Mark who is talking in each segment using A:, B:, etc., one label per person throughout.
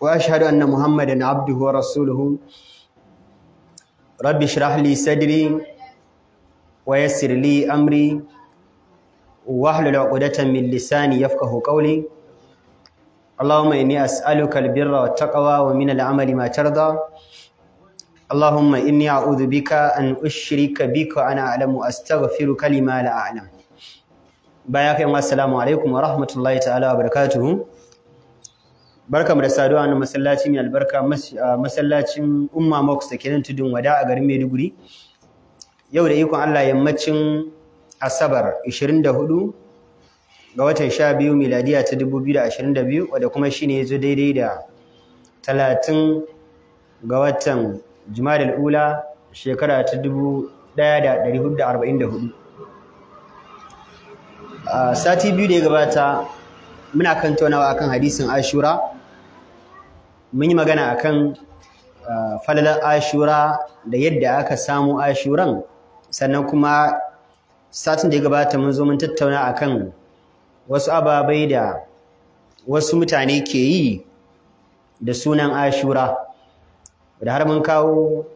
A: وأشهد أن محمدا عبده ورسوله رب اشرح لي صدري ويسر لي أمري واحلل عقدة من لساني يفقه قولي اللهم إني أسألك البر والتقوى ومن العمل ما ترضى اللهم إني أعوذ بك أن أشرك بك وأنا أعلم وأستغفرك لما لا أعلم بياك السلام عليكم ورحمة الله تعالى وبركاته Barka mu da saduwa na masallaci mai albarka masallacin umma mox da kenan tudun wada a garin maiduguri yau da ikon allah yammacin asabar 24 ga watan 12 miladiya ta 2022 wadda kuma shine ya zo daidai da 30 ga watan jumadal ula shekara ta 1444 sati biyu da ya gabata muna kan taunawa akan hadisin ashura mun yi magana akan ah, falalar ashura da yadda aka samu ashuran sannan kuma satin da ya gabata mun zo mun tattauna akan wasu ababai da wasu mutane ke yi da sunan ashura da har mun kawo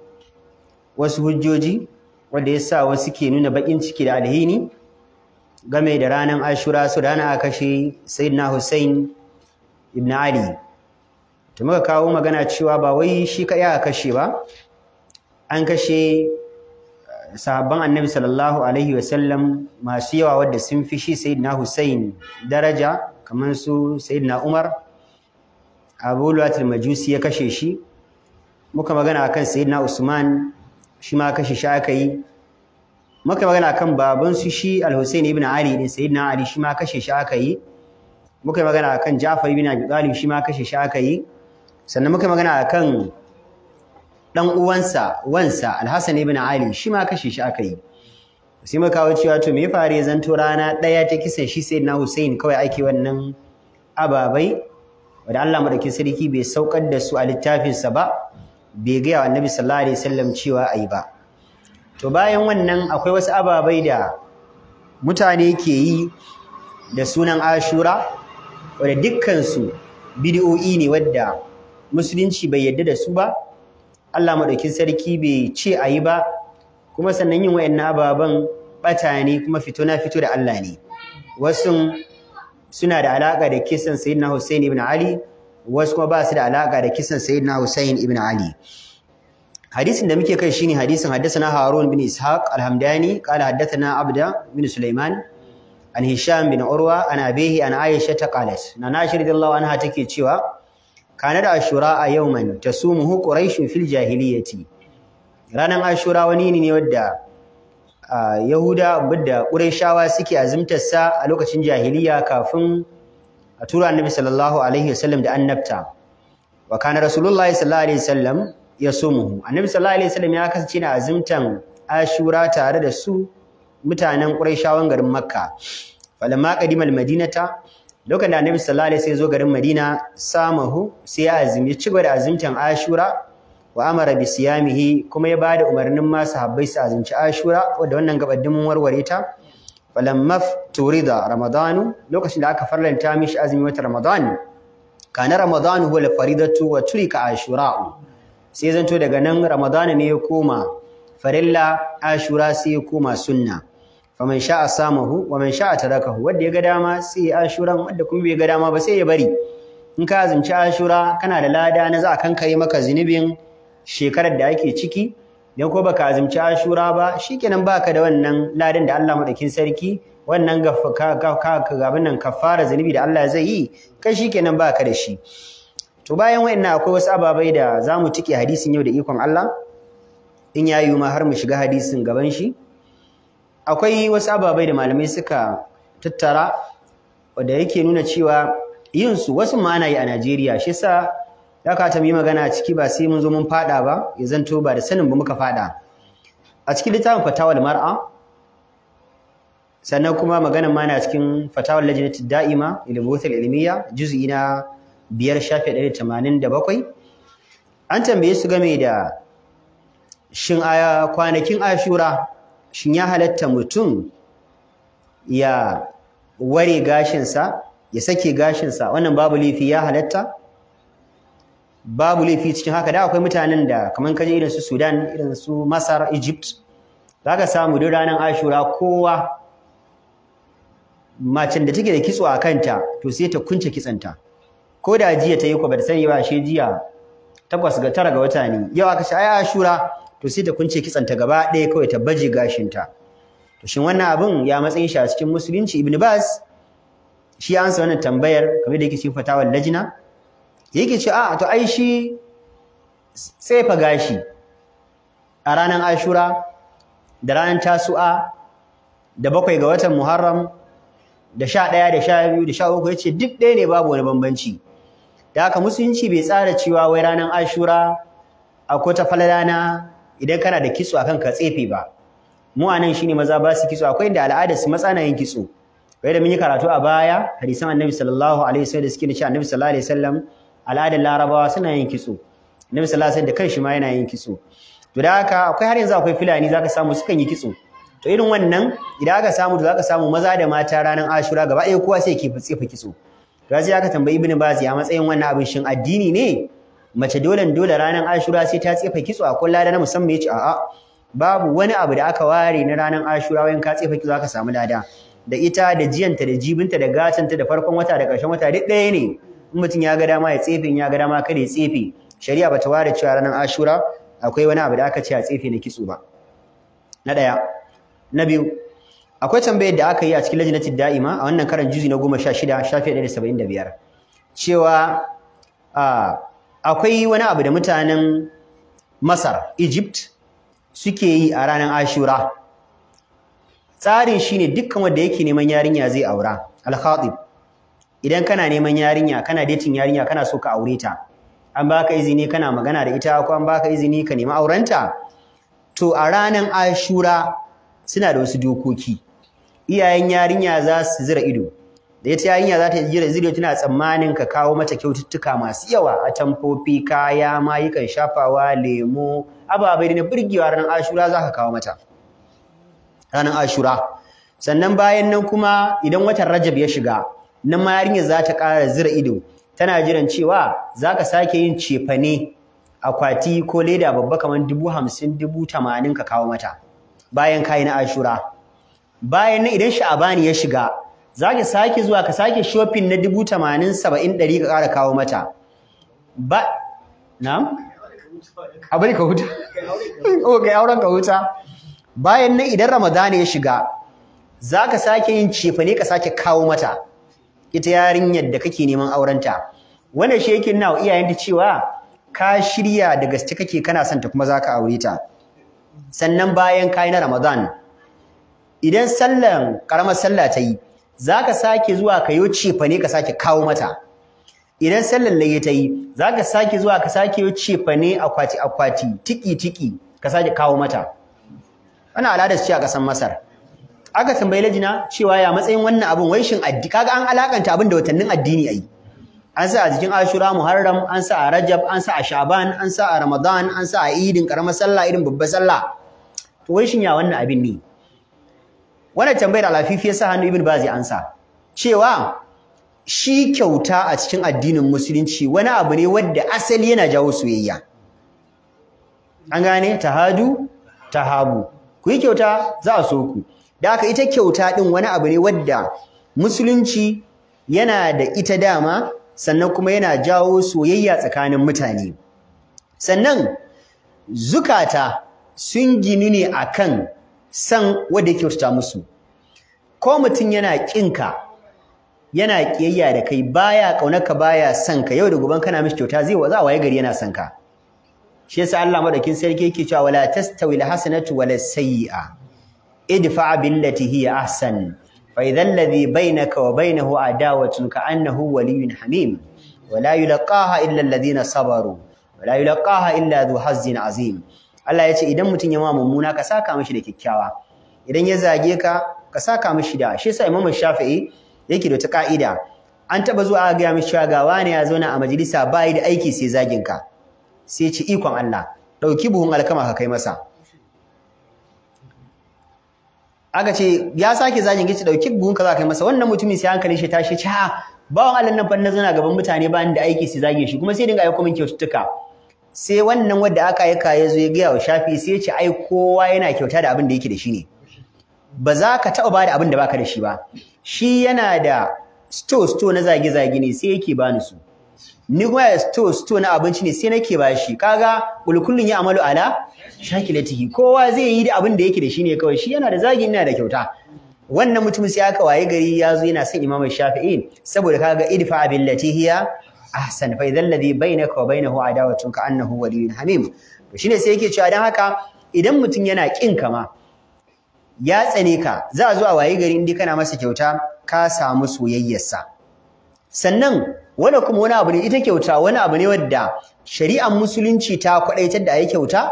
A: wasu hujjoji wanda ya sa wasu ke nuna baƙin ciki da alhini game da ranar ashura su rana a kashe sayyidina hussein ibn ali to muka kawo magana cewa ba wai shi kaɗai aka kashe ba an kashe eh, sahabban annabi sallallahu alaihi wasallam masu yawa wadda sun fi shi sayyidina Hussein daraja kamar su sayyidina Umar Abu Lu'atul Majusi ya kashe shi muka magana akan sayyidina Usman shi ma kashe shi aka yi muka magana akan baban su shi Al-Husayn ibn Ali din sayyidina Ali shi ma kashe shi aka yi muka magana akan Ja'far ibn Abi Talib shi ma kashe shi aka yi sannan muka magana akan dan uwansa wansa Alhassan ibn Ali shi ma kashe shi aka yi sai muka kawo cewa to me fare zanto rana ɗaya ta kisan shi sai na Hussein kawai ake wannan ababai wanda Allah madaukin sarki bai saukar da su a littafinsa ba bai ga annabi sallallahu alaihi wasallam cewa yi ba to bayan wannan akwai wasu ababai da mutane ke yi da sunan Ashura wanda dukkan su bid'o'i ne wadda musulunci bai yadda da su ba Allah madaukin sarki bai ce a yi ba kuma sannan yin wayannan baban bata ne kuma fito na fito da Allah ne wasu suna da alaka da kisan sayyidina Hussein ibn Ali wasu kuma ba su da alaka da kisan sayyidina Hussein ibn Ali hadisin da muke kai shine hadisin haddathana Harun bin Ishaq al-Hamdani qala haddathana Abda bin Sulaiman an Hisham bin Urwa an abehi an Aisha ta qalat na Aisha anha take cewa kana da ashura a yawman tasumuhu quraishun fil ce. ranan ashura wani ne wadda yahuda budda quraishawa suke azumtar a lokacin jahiliya kafin a tura annabi sallallahu alaihi wasallam da nafta. wa kana rasulullahi sallallahu sallallahu alaihi wasallam ya kasance na azumtan ashura tare da su mutanen quraishawan garin makka falamma qadimal madinata lokacin da annabi sallallahu alaihi wasallam ya zo garin Madina samahu sai ya azumi ci gaba da azumtan Ashura wa amara bi siyamihi kuma ya bada umarnin ma sahabbai su azumci Ashura wanda wannan gabaddin mun warware ta falamma turida ramadanu lokacin da aka farlanta mishi azumi wata ramadan kana ramadanu huwa faridatu wa turika ashura sai zanto daga nan ramadanu ne ya koma farilla ashura sai ya koma sunna wa man sha'a samahu wa man sha'a tarakahu wanda ya ga dama sai ya ashura wanda kuma bai ga dama ba sai ya bari in ka azumci ashura kana da lada na za kanka yi maka zunubin shekarar da ake ciki idan ko baka azumci ashura ba shikenan baka da wannan ladan da Allah madakin sarki wannan ga gabin nan kafara zunubi da Allah zai yi kai shikenan baka da shi to bayan wayanna akwai wasu ababai da zamu tike hadisin yau da ikon Allah in yayi ma har mu shiga hadisin gaban shi akwai wasu ababai da malamai suka tattara wadda yake nuna cewa yin su wasu ma'ana yi a Najeriya shi sa ya kata mu yi magana a ciki ba sai mun zo mun fada ba ya zanto ba da sanin ba muka fada a cikin littafin fatawal mar'a sannan kuma magana mana na cikin fatawar lajinati da'ima ilmuwatul ilmiya juz'i na biyar shafi ɗari tamanin da bakwai an tambaye su game da shin aya kwanakin ashura shin ya halatta mutum ya ware gashinsa ya sake gashinsa wannan babu laifi ya halatta babu laifi cikin haka da akwai mutanen da kamar kaje irin su Sudan irin su Masar Egypt Za ka samu duk ranar Ashura kowa macen da take da kitso a kanta to sai ta kunce kitsanta ko da jiya ta yi ko ba ta sani ba shi jiya takwas ga tara ga wata ne yau aka ce ai Ashura to sai da kun ce kitsan ta gaba ɗaya kawai ta baje gashin ta to shin wannan abun ya matsayin shi a cikin musulunci ibnu bas shi ya ansa wannan tambayar kamar da yake cikin fatawar lajina yake ce a to ai shi tsefa gashi a ranar ashura da ranar tasu'a da bakwai ga watan muharram da sha ɗaya da sha da sha uku ya ce duk ɗaya ne babu wani bambanci da haka musulunci bai tsara cewa wai ranar ashura akwai ta falalana idan kana da kitso akan ka tsefe ba mu anan shine maza ba su kitso akwai inda al'ada su matsana yin kitso wai da mun yi karatu a baya hadisan annabi sallallahu alaihi wasallam da suke da annabi sallallahu alaihi wasallam al'adar larabawa suna yin kitso annabi sallallahu alaihi wasallam da kanshi ma yana yin kitso to da haka akwai har yanzu akwai filani zaka samu sukan yi kitso to irin wannan idan aka samu to zaka samu maza da mata ranar Ashura gaba ɗaya kowa sai ke tsefe kitso to sai aka tambayi Ibn Baz a matsayin wannan abin shin addini ne mace dolen dole ranar ashura sai ta tsefa kitso a da na musamman yace a'a babu wani abu da aka ware na ranar ashura wayan ka tsefa kitso aka samu lada da ita da jiyanta da jibinta da gatanta da farkon wata da ƙarshen wata duk ɗaya ne in mutum ya ga dama ya tsefe in ya ga dama kada ya tsefe shari'a bata ware cewa ranar ashura akwai wani abu da aka ce a tsefe na kitso ba na ɗaya na biyu akwai tambayar da aka yi a cikin lajinatin da'ima a wannan karan juzi na goma sha shida shafi ɗaya da saba'in da biyar cewa a ah, akwai wani abu da mutanen Masar Egypt suke yi a ranar Ashura tsarin shi ne dukkan wanda yake neman yarinya zai aura al idan kana neman yarinya kana dating yarinya kana so ka aure ta an ba ka izini kana magana da ita ko an ba ka izini ka nemi aurenta to a ranar Ashura suna da wasu dokoki iyayen yarinya za su zira ido da ya ce yarinya za ta yi jira tana tsammanin ka kawo mata kyaututtuka masu yawa a tamfofi kaya mayukan shafawa lemo ababai na burgewa ranar ashura za ka kawo mata ranar ashura sannan bayan nan kuma idan watan rajab ya shiga nan ma yarinya za ta ƙara zira ido tana jiran cewa za ka sake yin cefane akwati ko leda babba kamar dubu hamsin dubu tamanin ka kawo mata bayan kayi na ashura bayan nan idan sha'abani ya shiga za ka sake zuwa ka sake shopping na dubu tamanin saba'in ɗari ka ƙara kawo mata ba na ka huta ok oh, auren ka huta bayan nan idan ramadana ya shiga za ka sake yin cefane ka sake kawo mata ita yarinyar da kake neman aurenta Wanda shi yake nawa iyayen iyayenta cewa ka shirya da gaske kake kana son ta kuma za ka aure ta sannan bayan kayi na ramadan idan sallan karamar sallah ta yi zaka sake zuwa ka yo cefa ne ka sake kawo mata idan sallar laye ta yi zaka sake zuwa ka sake yo cefa ne akwati akwati tiki tiki ka sake kawo mata ana al'adar ce a kasan Masar aka tambayi lajina cewa ya matsayin wannan abin wai shin addi kaga an alakanta abin da watannin addini yi. an sa a jikin Ashura Muharram an sa a Rajab an sa a Shaban an sa a Ramadan an sa a Idin karamar sallah irin babbar sallah to wai shin ya wannan abin ne wannan tambayar alafifi ya sa hannu ibn bazi ansa cewa shi kyauta a cikin addinin musulunci wani abu ne wadda asali yana jawo soyayya an gane tahadu tahabu ku yi kyauta za a so ku da haka ita kyauta din wani abu ne wadda musulunci yana da ita dama sannan kuma yana jawo soyayya tsakanin mutane sannan zukata sun gini ne akan san wanda ya kyautata musu ko mutum yana ƙinka yana ƙiyayya da kai baya ƙaunarka baya sanka ka yau da gobe kana mishi kyauta zai za waye gari yana son ka shi yasa Allah madakin sarki yake cewa wala tastawi alhasanatu wala sayyi'a idfa billati hiya ahsan fa idhal ladhi bainaka wa bainahu adawatun ka annahu waliyyun hamim wala yulqaha illa alladhina sabaru wala yulqaha illa dhu hazzin azim Allah ya ce idan mutum ya ma mummuna ka saka mishi da kyakkyawa idan ya zage ka ka saka mishi da shi yasa Imam Shafi'i yake da ta ka'ida an taba zuwa ga mishi cewa ga wani ya zauna a majalisa bai da aiki sai zagin ka sai ci ikon Allah dauki buhun alkama ka kai masa aka ce ya sake zagin gici dauki buhun ka za kai masa wannan mutumin sai hankali shi tashi ci ha ah, bawan Allah nan fa na zauna gaban mutane ba ni da aiki sai zage shi kuma sai dinga aika min kyaututtuka sai wannan wanda aka yi kaye zo ya gaya wa shafi sai ya ce ai kowa yana kyauta da abin da yake da shi ne ba za ka taɓa ba da abin da baka da shi ba shi yana da sto sto na zage-zage ne sai yake bani su ni kuma ya sto sto na abinci ne sai nake ba shi kaga kulkullun ya amalu ala shakilatihi kowa zai yi da abin da yake da shi ne kawai shi yana da zagi yana da kyauta wannan mutum sai aka waye gari ya zo yana son imamu shafi'in saboda kaga idfa abin latihiya ahsan fa idan ladhi bainaka wa bainahu adawatun ka annahu waliyyun hamim to shine sai yake cewa dan haka idan mutum yana kin ka ma ya tsane ka za a zo a wayi gari indai kana masa kyauta ka samu sa sannan wani kuma wani abu ne ita kyauta wani abu ne wadda shari'ar musulunci ta kwadaitar da ayi kyauta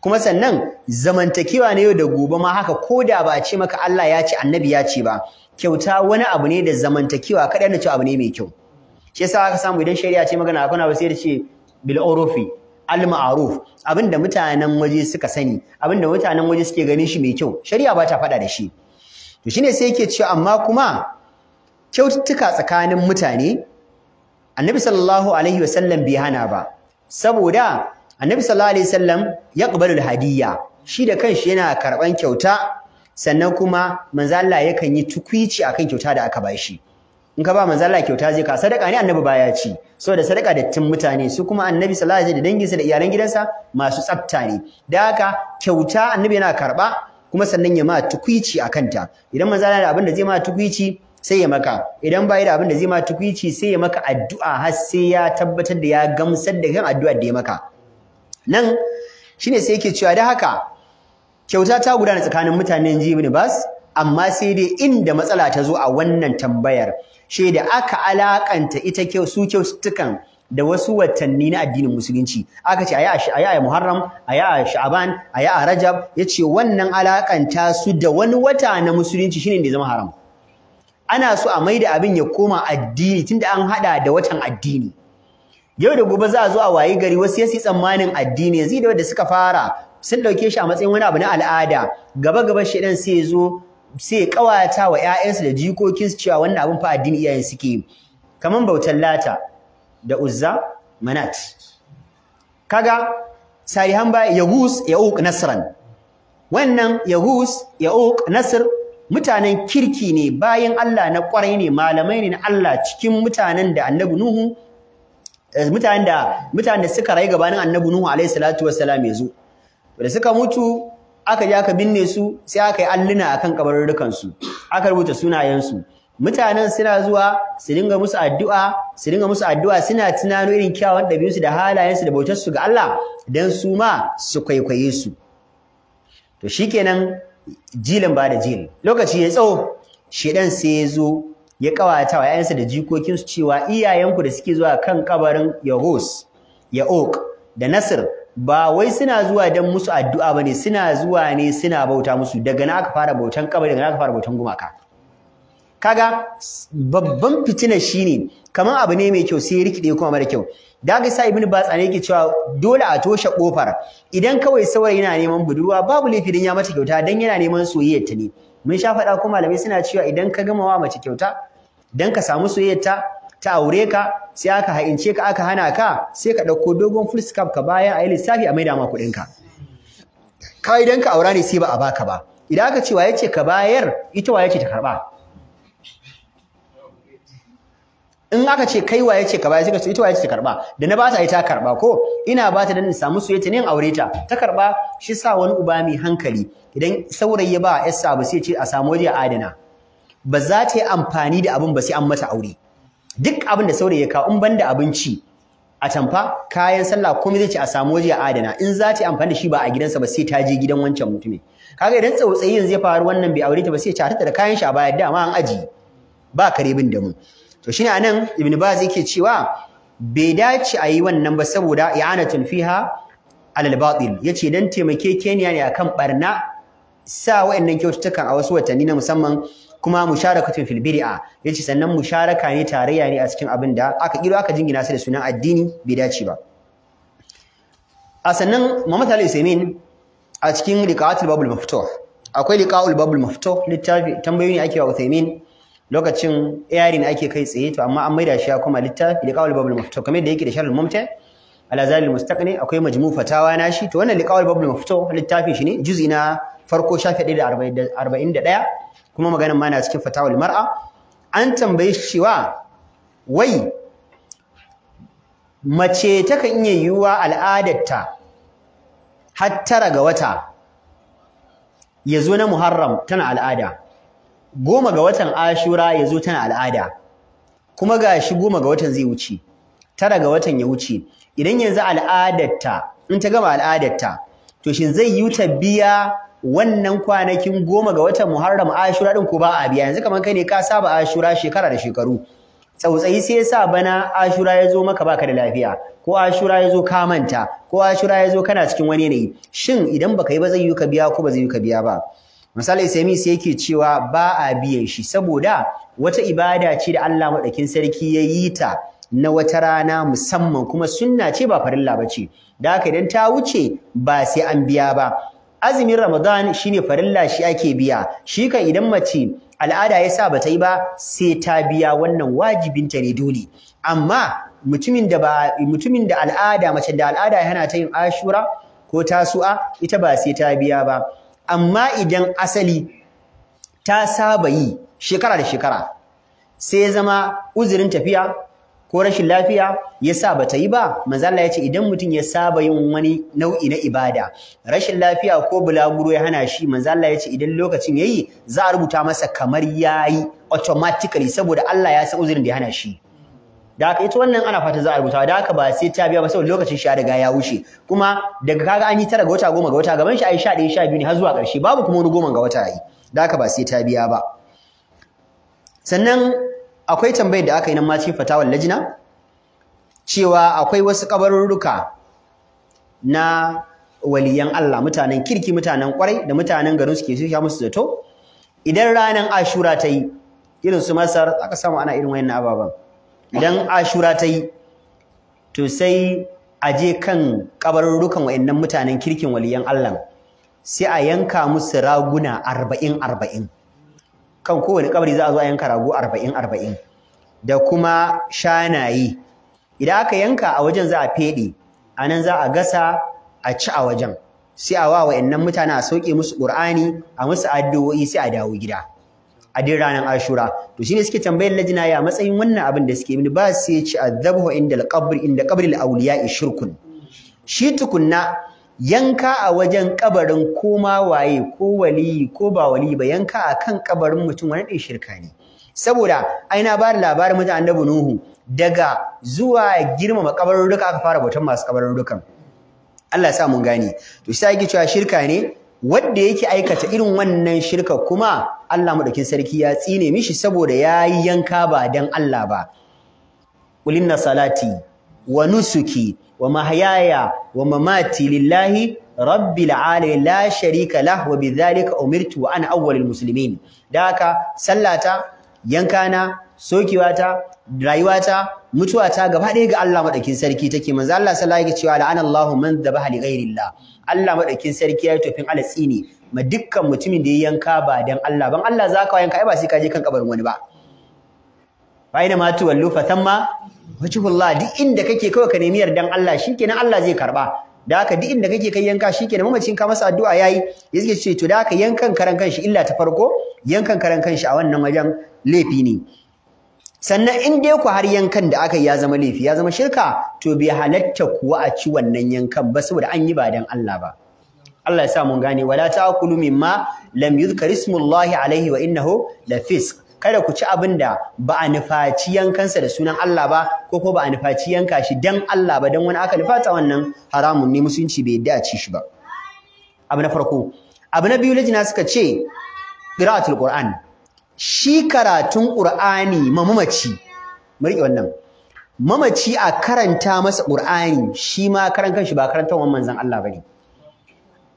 A: kuma sannan zamantakewa ne yau da gobe ma haka ko da ba a ce maka Allah ya ce annabi ya ce ba kyauta wani abu ne da zamantakewa kaɗai na ce abu ne mai kyau shi yasa aka samu idan shari'a ce magana akwai ba sai da ce bil urufi al ma'ruf abinda mutanen waje suka sani abinda mutanen waje suke ganin shi mai kyau shari'a ba ta faɗa da shi to shine sai yake cewa amma kuma kyaututtuka tsakanin mutane annabi sallallahu alaihi wasallam bai hana ba saboda annabi sallallahu alaihi wasallam yaqbalu al hadiyya shi da kanshi yana karban kyauta sannan kuma manzo Allah yakan yi tukwici akan kyauta da aka bashi in ka ba manzo Allah kyauta zai ka sadaka ne annabi baya ci saboda sadaka da tin mutane su kuma annabi sallallahu alaihi da danginsa da iyalan gidansa masu tsafta ne da haka kyauta annabi yana karba kuma sannan ya ma tukuici a kanta idan manzo Allah da abin da zai ma tukuici sai ya maka idan bai da abin da zai ma tukuici sai ya maka addu'a har sai ya tabbatar da ya gamsar da kan addu'a da ya maka nan shine sai yake cewa da haka kyauta ta gudana tsakanin mutanen Jibni Bas amma sai dai inda matsala ta zo a wannan tambayar shi da aka alakanta ita kyau su kyaututtukan da wasu watanni na addinin musulunci aka ce a a Muharram a Sha'ban a Rajab ya ce wannan alakanta su da wani wata na musulunci shine da zama haram ana so a maida abin ya koma addini tunda an hada da watan addini yau da gobe za a zo a wayi gari wasu yasi tsammanin addini yanzu da wanda suka fara sun dauke shi a matsayin wani abu na al'ada gaba gaba shi dan sai ya zo sai kawata wa ƴaƴansu da jikokinsu cewa wannan abin fa addini iyayen suke yi kaman bautar lata da uzza manat kaga Sarihan ba yahus yauq nasran wannan yahus yauq nasr mutanen kirki ne bayan Allah na kwarai ne malamai ne na Allah cikin mutanen da annabi nuhu eh, mutanen da mutanen suka rayu gabanin annabi nuhu alaihi salatu wassalam yazo da suka mutu aka je aka binne su sai aka yi alluna akan kabarurrukan su aka rubuta sunayensu mutanen suna zuwa su dinga musu addu'a su dinga musu addu'a suna tunano irin kyawun ɗabi'unsu da halayensu da bautarsu ga Allah dan su ma su kwaikwaye su to shikenan jilin ba da jil lokaci ya tsawo shedan sai ya zo ya kawata wa ƴaƴansa da jikokinsu cewa iyayenku da suke zuwa kan kabarin Yahus Ya'uq da Nasir ba wai suna zuwa don musu addu'a ba ne suna zuwa ne suna bauta musu daga na aka fara bautan kabari daga na aka fara bautan gumaka kaga babban fitina shine kamar abu ne mai kyau sai ya rikide kuma mara kyau da ga sa ibnu batsa ne yake cewa dole a toshe kofar idan kawai saurayi yana neman budurwa babu laifi dan ya mata kyauta dan yana neman soyayyar ta ne mun sha faɗa ko malamai suna cewa idan ka gama wa mace kyauta dan ka samu soyayyar ta ta aure ka sai aka haince ka aka hana ka sai ka ɗauko dogon full scarf ka bayan a yi lissafi a maida ma kuɗin ka ka idan ka aura ne sai ba a baka ba idan aka ce waye ce ka bayar ita waye ce ta karba in aka ce kai waye ce ka bayar sai ka ce ita waye ce ta karɓa da na ba ta yi ta karɓa ko ina ba ta dan in samu soyayya ne in aure ta ta karɓa shi sa wani uba mai hankali idan saurayi ba ba yasa ba sai ce a samu waje a adana ba za ta yi amfani da abin ba sai an mata aure duk abin da saurayi ya kawo in banda abinci a tamfa kayan sallah komai zai ce a samu waje a adana in za ta amfani da shi ba a gidansa ba sai ta je gidan wancan mutumin kaga idan tsautsayi yanzu ya faru wannan bai aure ta ba sai ta da kayan shi a baya da ma an aji ba kare bin da mu to shine anan ibn baz yake cewa bai dace a yi wannan ba saboda i'anatun fiha alal batil yace dan keniya ne akan barna sa wa'annan kyaututtukan a wasu watanni na musamman kuma musharakatun fil bid'a yace sannan musharaka ne tarayya ne a cikin abin da aka kiro aka jingina su da sunan addini bai dace ba a sannan Muhammad Ali Usaimin a cikin liqa'atul babul maftuh akwai liqa'ul babul maftuh littafi tambayoyi ake wa Usaimin lokacin ne ake kai tsaye to amma an maida shi ya kuma littafi liqa'ul babul maftuh kamar da yake da sharhul mumtah ala zalil mustaqni akwai majmu fatawa na shi to wannan liqa'ul babul maftuh littafin shi ne juz'i na farko shafi 141 kuma maganin ma na cikin fatawul mar'a an shi cewa wai mace ta kan iya yiwuwa al'adarta har tara ga wata ya zo na Muharram tana al'ada goma ga watan Ashura ya zo tana al'ada kuma ga shi goma ga watan zai wuce tara ga watan ya wuce idan yanzu al'adarta in ta gama al'adarta to shin zai yi ta biya wannan kwanakin goma ga watan Muharram Ashura din ko ba a biya yanzu kamar kai ne ka saba Ashura shekara da shekaru tsautsayi sai yasa bana Ashura ya zo maka baka da lafiya ko Ashura ya zo ka manta ko Ashura ya zo kana cikin wani yanayi shin idan baka yi ba zai yi ka biya ko ba zai yi ka biya ba misali sai yake cewa ba a biyan shi saboda wata ibada ce da Allah madaukin sarki ya yi ta na wata rana musamman kuma sunna ce ba farilla ba ce da haka idan ta wuce ba sai an biya ba azumin Ramadan shine farilla shi ake biya shi kan idan mace al'ada ya sa bata yi ba sai ta biya wannan wajibinta ne dole amma mutumin da ba mutumin da al'ada mace da al'ada yana ta yin ashura ko tasu'a ita ba sai ta biya ba amma idan asali ta saba yi shekara da shekara sai zama uzurin tafiya ko rashin lafiya ya sa ba ta yi ba manzala ya ce idan mutum ya saba yin wani nau'i na ibada rashin lafiya ko bulaguro ya hana shi manzala Allah ya ce idan lokacin yi za a rubuta masa kamar ya yi automatically saboda Allah ya san uzurin da ya hana shi da haka ita wannan ana fata za a rubuta da haka ba sai ta biya ba saboda lokacin shi riga ya wuce kuma daga kaga an yi tara ga wata goma ga wata gaban shi ai sha ɗaya sha biyu ne har zuwa ƙarshe babu kuma wani goma ga wata yi da haka ba sai ta biya ba sannan akwai tambayar da aka yi nan ma cikin fatawar lajina cewa akwai wasu kabarurruka na waliyan Allah mutanen kirki mutanen kwarai da mutanen garin suke su ya musu zato idan ranar Ashura ta yi irin su Masar aka samu ana irin wayannan ababen idan Ashura ta yi to sai a je kan kabarurrukan wayannan mutanen kirkin waliyan Allah sai a yanka musu raguna arba'in arba'in kan kowane kabari za a zo a yanka rago arba'in arba'in da kuma shanaye idan aka yanka a wajen za a feɗe a nan za a gasa a ci a wajen sai a wa wa'annan mutane a sauke musu ƙur'ani a musu addu'o'i sai a dawo gida a din ranar ashura to shine suke tambayar lajina ya matsayin wannan abin da suke mini ba sai ya ci azabhu inda al inda qabr al shirkun shi tukunna yanka a wajen kabarin ko ma waye ko waliyi ko ba waliyi ba yanka a kan kabarin mutum wani ɗin shirka ne saboda aina na bada labarin mutum annabi nuhu daga zuwa girmama duka aka fara bautan masu duka Allah sa mun gane to sai yake cewa shirka ne wanda yake aikata irin wannan shirka kuma Allah madaukin sarki ya tsine mishi saboda yayi yanka ba dan Allah ba Kulinna salati wa nusuki wa mahayaya wa mamati lillahi rabbil alamin la sharika lahu wa bidhalika umirtu wa ana awwalul musulmin. da haka sallata yanka yankana sokewata rayuwata mutuwa ta, gaba ɗaya ga Allah madaukin sarki take manzo Allah sallallahu alaihi cewa la'ana Allahu man dhabaha li ghairillah Allah madaukin sarki ya yi tofin alatsi ne ma dukkan mutumin da ya yanka ba dan Allah ban Allah zaka yanka ba sai ka je kan kabarin wani ba fa ina ma tuwallu fa wajhullah duk inda kake kawai ka nemi yardan Allah shikenan Allah zai karba da haka duk inda kake kai yanka shikenan mamacin ka masa addu'a yayi yake ce to da haka yankan karan kanshi illa ta farko yankan karan kanshi a wannan wajen laifi ne sannan in dai ku har yankan da aka ya zama laifi ya zama shirka to bai halatta kuwa a ci wannan yankan ba saboda an yi ba dan Allah ba Allah ya sa mun gane wala ta'kulu mimma lam yuzkar ismullahi alaihi wa innahu lafisq kada ku ci abin da ba a nufaci yankansa da sunan Allah ba ko ko ba a nufaci yanka shi dan Allah ba dan wani aka nufata wannan haramun ne musulunci bai yadda a ci shi ba abu na farko abu na biyu lajina suka ce qira'atul qur'an shi karatun qur'ani mamaci mu rike wannan mamaci a karanta masa qur'ani shi ma karan kanshi ba wannan manzon Allah bane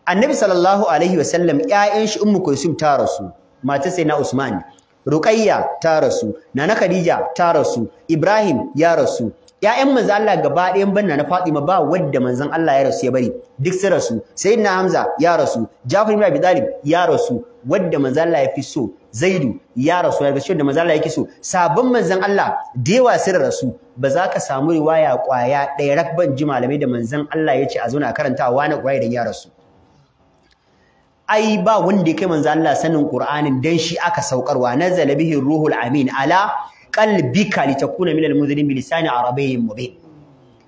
A: annabi sallallahu alaihi wasallam ƴaƴan shi ummu kulsum ta rasu mata sai usman Ruqayya ta rasu Nana Khadija ta rasu Ibrahim ya rasu 'Ya'yan manzo Allah gaba ɗayan banna na Fatima ba wadda manzon Allah ya rasu ya bari duk su rasu Sayyidina Hamza ya rasu Jafar ibn Abi Talib ya rasu wadda manzo Allah ya fi so Zaidu ya rasu daga gashi da manzo Allah yake so sabon manzon Allah da yawa su rasu ba za ka samu riwaya ƙwaya ɗaya rakban ji malamai da manzon Allah ya ce a zauna karantawa na kwaya da ya rasu ai ba wanda ya kai manzo Allah sanin Qur'anin dan shi aka saukarwa nazala bihi ruhul amin ala qalbika litakuna minal munzirin bi lisani arabiyyin mubin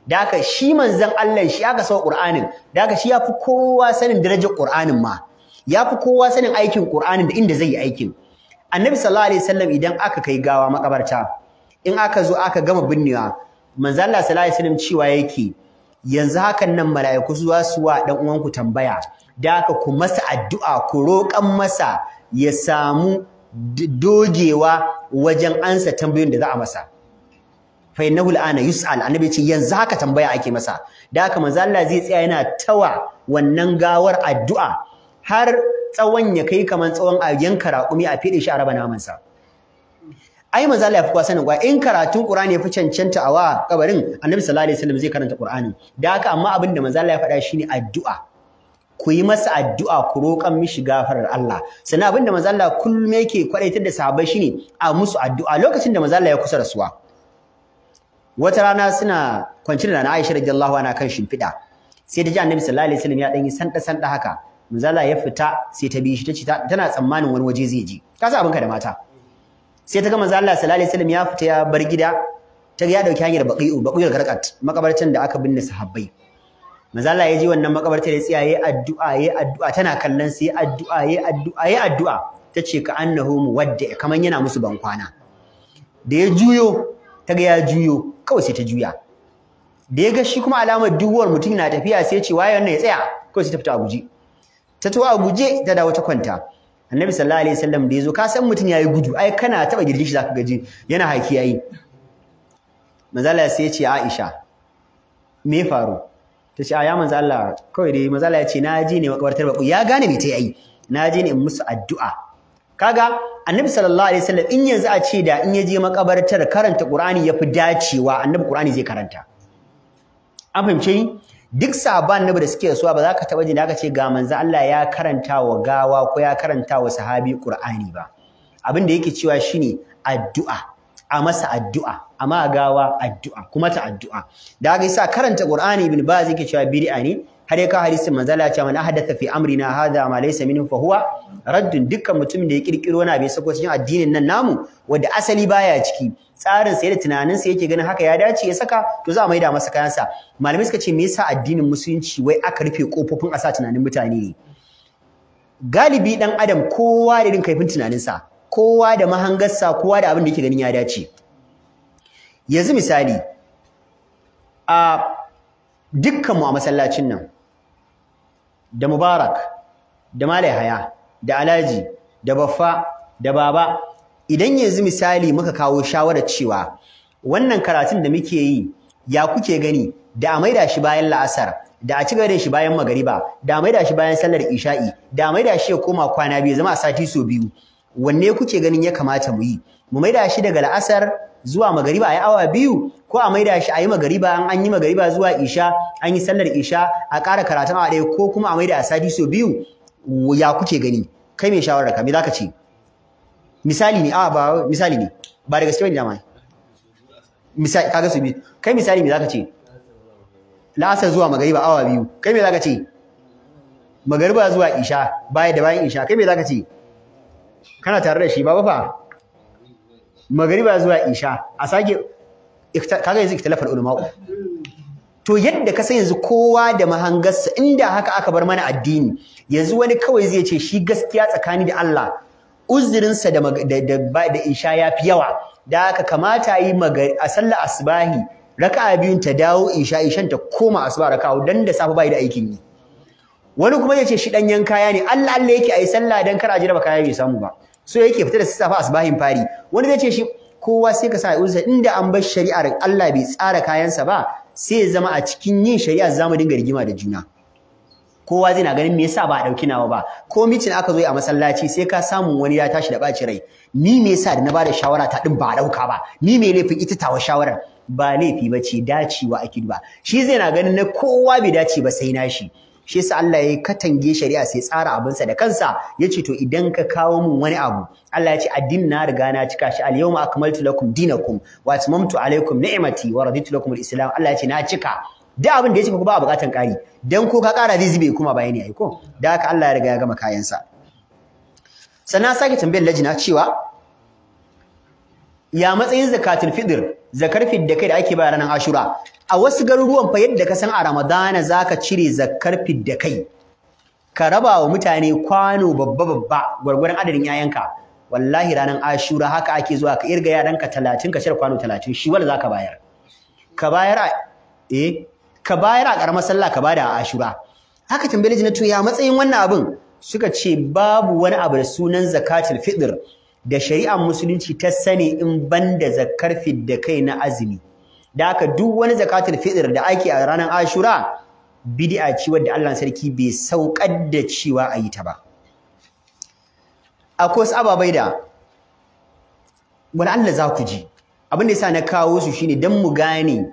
A: da haka shi manzon Allah shi aka sauka Qur'anin da haka shi yafi kowa sanin darajar Qur'anin ma yafi kowa sanin aikin Qur'anin da inda zai yi aikin Annabi sallallahu alaihi wasallam idan aka kai gawa makabarta in aka zo aka gama binnewa manzon Allah sallallahu alaihi wasallam cewa yake yanzu hakan nan mala'iku zuwa su wa dan uwanku tambaya da aka ku masa addu'a ku roƙan masa ya samu dogewa wajen ansa tambayoyin da za a masa fa innahu al'ana yus'al annabi ce yanzu haka tambaya ake masa da aka manzo Allah zai tsaya yana tawa wannan gawar addu'a har tsawon ya kai kamar tsawon a yanka raƙumi a fiɗe shi a raba naman ai manzo Allah ya fi kwa sanin kwa in karatun Qur'ani ya fi cancanta a wa kabarin annabi sallallahu alaihi wasallam zai karanta Qur'ani da aka amma abin da manzo Allah ya faɗa shine addu'a ku yi masa addu'a ku roƙan mishi gafarar Allah sannan abinda manzo Allah kullum yake kwadaitar da sahabbai shine a musu addu'a lokacin da manzo Allah ya kusa rasuwa wata rana suna kwanci da Aisha radiyallahu anha kan shimfiɗa sai ta ji Annabi sallallahu alaihi wasallam ya dan yi sanda sanda haka manzo Allah ya fita sai ta bi shi tace tana tsammanin wani waje zai je ka san abinka da mata sai ta ga manzo Allah sallallahu alaihi wasallam ya fita ya bar gida ta ga ya dauki hanyar baqi'u baqi'ul garqat makabarcin da aka binne sahabbai Mazala ya ji wannan makabarta da yayi addu'a yayi addu'a tana kallon sai addu'a yayi addu'a yayi addu'a tace ka annahu muwaddi kaman yana musu bankwana da ya juyo ga ya juyo kawai sai ta juya da ya ga shi kuma alamar duwar mutum na tafiya sai ya ce waye wannan ya tsaya kawai sai ta fita a guje ta tawo a guje ta dawo ta kwanta annabi sallallahu alaihi wasallam da yazo ka san mutum yayi gudu ai kana taba girgishi zaka gaji yana haki yayi mazala sai ya ce Aisha me faru ta ce a ya manzo Allah kawai dai manzo Allah ya ce na ji ne makabartar baku ya gane me ta yi na ji ne in musu addu'a kaga annabi sallallahu alaihi wasallam in yanzu a ce da in ya je makabartar karanta qur'ani fi dacewa annabi qur'ani zai karanta an fahimce ni duk saban annabi da suke suwa ba za ka taba jin aka ce ga manzo Allah ya karanta wa gawa ko ya karanta wa sahabi qur'ani ba abin da yake cewa shine addu'a a masa addu'a amma gawa addu'a kuma ta addu'a da haka yasa karanta Qur'ani ibn Baz yake cewa bid'a ne har ya ka hadisin manzala cewa man ahdatha fi amrina hadha ma laysa minhu fa huwa raddun dukkan mutumin da ya kirkiro wani bai sako cikin addinin nan namu wanda asali baya ciki tsarin sa da tunanin sa yake ganin haka ya dace ya saka to za a maida masa kayansa malamai suka ce me yasa addinin musulunci wai aka rufe kofofin asa tunanin mutane ne galibi dan adam kowa da irin kaifin tunaninsa kowa da mahangarsa kowa da abin da yake ganin ya dace yanzu misali a dukkanmu a masallacin nan da mubarak da malai haya da alaji da baffa da baba idan yanzu misali muka kawo shawarar cewa wannan karatun da muke yi ya kuke gani da a maida shi bayan la'asar da a ci gaba shi bayan magariba da a maida shi bayan sallar isha'i da a maida shi ya koma kwana biyu zama a sati so biyu wanne kuke ganin ya kamata mu yi mu maida shi daga la'asar zuwa magariba ayi awa biyu ko a maida shi ayi magariba an an yi magariba zuwa isha an yi sallar isha a ƙara karatun awa ɗaya ko kuma a maida asadi so biyu ya kuke gani kai mai shawarar ka me zaka ce misali ne a ba misali ne ba da gaske bane jama'a misali kaga su biyu kai misali me zaka ce la'asar zuwa magariba awa biyu kai me zaka ce magariba zuwa isha baya da bayan isha kai me zaka ce kana tare da shi ba fa magariba zuwa isha a sake kaga yanzu ikhtilafal ulama to yadda ka san yanzu kowa da mahangarsa inda haka aka bar mana addini yanzu wani kawai zai ce shi gaskiya tsakani da Allah uzurinsa da da isha ya fi yawa da haka kamata yi a sallar asbahi raka'a biyun ta dawo isha ishan ta koma asbahi raka'a dan da safe bai da aikin yi wani kuma zai ce shi ɗanyen kaya ne Allah Allah yake yi sallah don kar a jira kaya bai samu ba so yake fita da sassafe asbahin fari wani zai ce shi kowa sai ka sa uzza inda an bar shari'ar Allah bai tsara kayansa ba sai ya zama a cikin yin shari'ar zamu dinga rigima da juna kowa zai na ganin me yasa ba a ɗauki nawa ba ko mitin aka zo a masallaci sai ka samu wani ya tashi da baci rai ni me yasa da na ba da shawara ta ɗin ba a ɗauka ba ni me laifin ita tawa shawarar ba laifi ba ce dacewa ake ba shi zai na ganin na kowa bai dace ba sai nashi shi yasa Allah ya katange shari'a sai tsara abinsa da kansa ce to idan ka kawo mun wani abu Allah ya ce addin na riga na cika shi al yawma akmaltu lakum dinakum wa atmamtu alaykum ni'mati wa raditu lakum al islam Allah ya ce na cika duk abin da ya cika ku ba bukatan kari dan ko ka kara zai zube kuma bayani ai ko da haka Allah ya riga ya gama kayansa sannan sake tambayar lajina cewa ya matsayin zakatul fidr zakar fidda kai da ake bayar ranar ashura a wasu garuruwan fa yadda ka san a ramadana zaka cire zakar fidda kai ka raba wa mutane kwano babba babba gwargwaron adadin yayanka wallahi ranar ashura haka ake zuwa ka irga yaranka talatin ka share kwano talatin shi wala zaka bayar ka bayar eh ka bayar a karamar sallah ka bada ashura haka na to ya matsayin wannan abin suka ce babu wani abu da sunan zakatul fitr da shari'ar musulunci ta sani in banda zakar fidda kai na azumi da haka duk wani zakatul fitr da ake a ranar ashura bid'a ce wadda Allah sarki bai saukar da cewa a yi ta ba akwai wasu ababai da wani Allah za ku ji abin da yasa na kawo su shine dan mu gane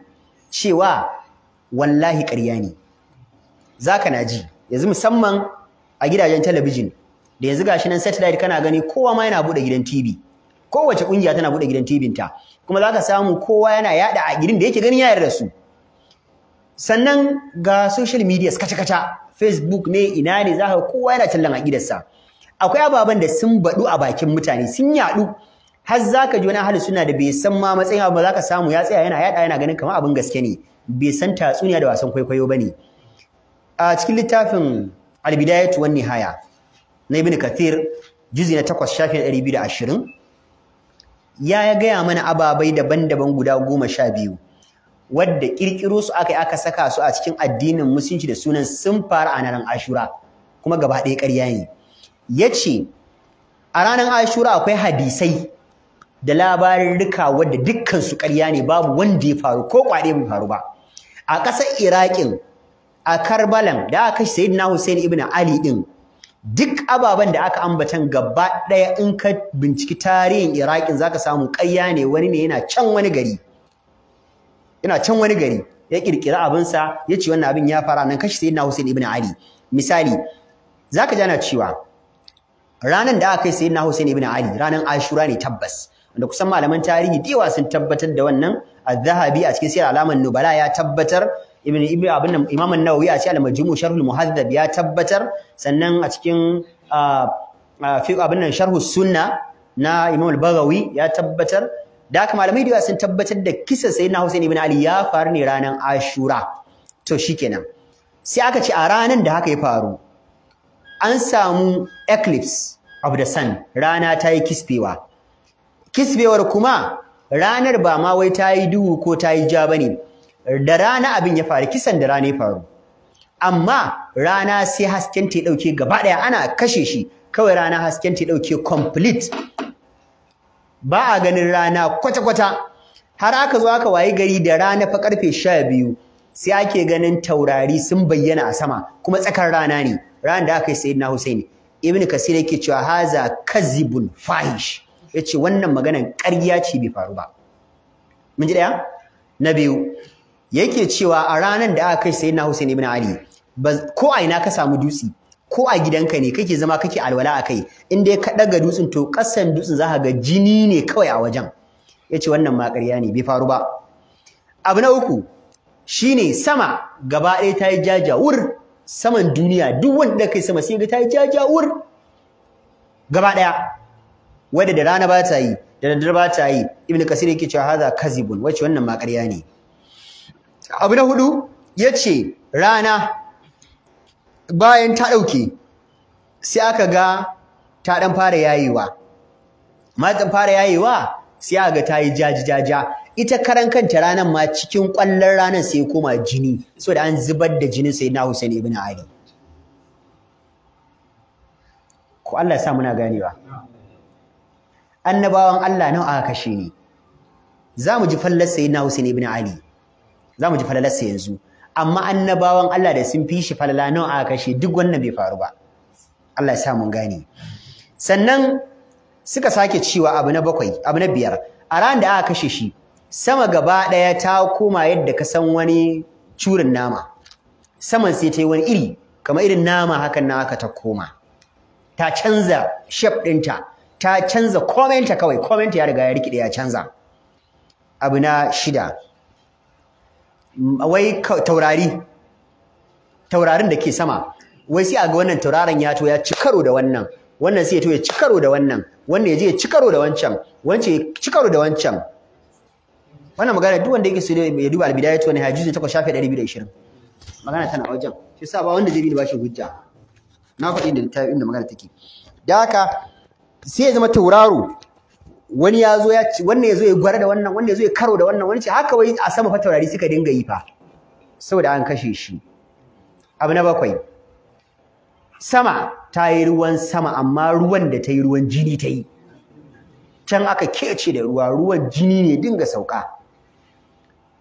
A: cewa wallahi ƙarya ne zaka na ji yanzu musamman a gidajen talabijin da yanzu gashi nan satellite kana gani kowa ma yana bude gidan TV kowace kungiya tana bude gidan TV ta kuma zaka samu kowa yana yada a gidan da yake gani ya yarda su sannan ga social media kaca kaca Facebook ne ina ne zaka kowa yana tallan aqidarsa akwai ababen da sun badu a bakin mutane sun yadu har zaka ji wani hali suna da bai san ma matsayin abu zaka samu ya tsaya yana yada yana ganin kamar abin gaske ne bai san tatsuniya da wasan kwaikwayo bane a cikin littafin albidayatu wan nihaya na ibn kathir juzi na takwas shafi na ɗari biyu ashirin ya gaya mana ababai daban-daban guda goma sha biyu wadda ƙirƙiro su aka yi aka saka su a cikin addinin musulunci da sunan sun fara a ranar ashura kuma gaba ɗaya ƙarya ne ya ce a ranar ashura akwai hadisai da labarin rika wadda dukkansu ƙarya ne babu wanda ya faru ko kwaɗe bai faru ba a ƙasar iraƙin a karbalan da aka kashe sayyidina hussein ibn ali ɗin duk ababen da aka ambatan gaba ɗaya in ka binciki tarihin Iraƙin ka samu ƙayya ne wani ne yana can wani gari yana can wani gari ya ƙirƙira abinsa ya ce wannan abin ya fara nan kashi sayyidina Hussein ibn Ali misali za ka jana cewa ranar da aka kai sayyidina Hussein ibn Ali ranar Ashura ne tabbas wanda kusan malaman tarihi da sun tabbatar da wannan a zahabi a cikin sirr alamar Nubala ya tabbatar ibn ibn abin imam an-nawawi a cikin al-majmu' sharh al muhaddab ya tabbatar sannan a cikin fi abin nan sharh sunna na imam al-baghawi ya tabbatar da haka malamai da sun tabbatar da kisa sayyidina husain ibn ali ya faru ne ranar ashura to shikenan sai aka ce a ranar da haka ya faru an samu eclipse of the sun rana ta yi kisbewa kisbewar kuma ranar ba ma wai ta yi duhu ko ta yi ja bane da rana abin ya faru kisan da rana ya faru amma rana sai hasken ta dauke gaba daya ana kashe shi kawai rana hasken ta dauke complete ba a ganin rana kwata kwata har aka zo aka wayi gari da rana fa karfe 12 sai ake ganin taurari sun bayyana a sama kuma tsakar rana ne ran da aka yi sayyidina Husaini ibn Kasir yake cewa haza kazibun fahish yace wannan maganan ƙarya ce bai faru ba mun ji daya na biyu yake cewa a ranar da aka kai sayyidina Hussein ibn Ali ko a ina ka samu dutsi ko a gidanka ne kake zama kake alwala akai in dai ka daga dutsen to kasan dutsen za ga jini ne kawai a wajen yace wannan ma ƙarya ne bai faru ba abu na uku shine sama gaba ɗaya ta yi jajawur saman duniya duk wanda kai sama sai ga ta yi jajawur gaba ɗaya wadda da rana ba ta yi da daddare ba ta yi ibnu kasir yake cewa hadha kazibun wace wannan ma ƙarya ne abu na hudu ya ce rana bayan ta ɗauke sai aka ga ta ɗan fara yayewa ma ta fara yayewa sai aka ga ta yi jaji-jaja ita karan kanta ranar ma cikin ƙwallon ranar sai koma jini saboda an zubar da jinin sai na Hussein ibn Ali ko Allah ya sa muna ganewa annabawan Allah nawa aka kashe ne za mu ji fallar na Hussein ibn Ali za mu ji falalarsa yanzu amma annabawan Allah da sun fi shi falala nawa aka kashe duk wannan bai faru ba Allah ya sa mun gane sannan suka sake cewa abu na bakwai abu na biyar a ran da aka kashe shi sama gaba ɗaya ta koma yadda ka san wani curin nama saman sai ta yi wani iri kamar irin nama hakan na aka ta koma ta canza shef ɗinta ta canza komenta kawai komenta ya riga ya rikide ya canza abu na shida wai taurari taurarin da ke sama wai sai a ga wannan tauraron ya to ya ci karo da wannan wannan sai ya to ya ci karo da wannan wannan ya je ya ci karo da wancan wancan ya ci karo da wancan wannan magana duk wanda yake so ya duba albidayatu wani ne takwas shafi ɗari biyu da ishirin magana tana wajen shi sa ba wanda zai bi da bashi hujja na faɗi inda magana take da haka sai ya zama tauraro wani ya zo ya wannan ya zo ya gwara da wannan wannan ya zo ya karo da wannan wani ce haka wai a sama fa suka dinga yi fa saboda an kashe shi abu na bakwai sama ta yi ruwan sama amma ruwan da ta yi ruwan jini ta yi can aka kece da ruwa ruwan jini ne dinga sauka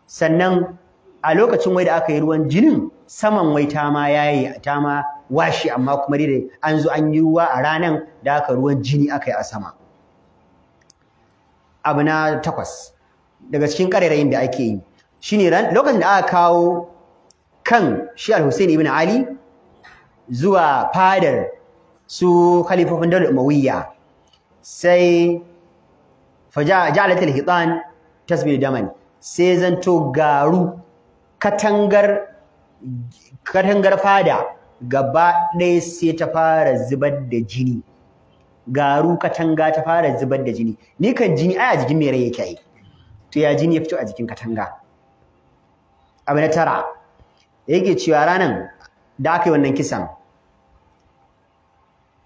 A: sannan a lokacin wai da aka yi ruwan jinin saman wai ta ma yayi ta ma washi amma kuma dai an zo an yi ruwa a ranan da aka ruwan jini aka yi a sama abu na takwas daga cikin ƙarairayin da ake yi shine ne lokacin da aka kawo kan shi al-Hussein ibn Ali zuwa fadar su khalifofin daular Umayya sai faja'alat hitan tasbih daman sai zanto garu katangar fada gaba ɗaya sai ta fara zubar da jini garu katanga ta fara zubar da jini ni kan jini ai a jikin me rai yake yi to ya jini ya fito a jikin katanga abu na tara yake cewa ranan da aka yi wannan kisan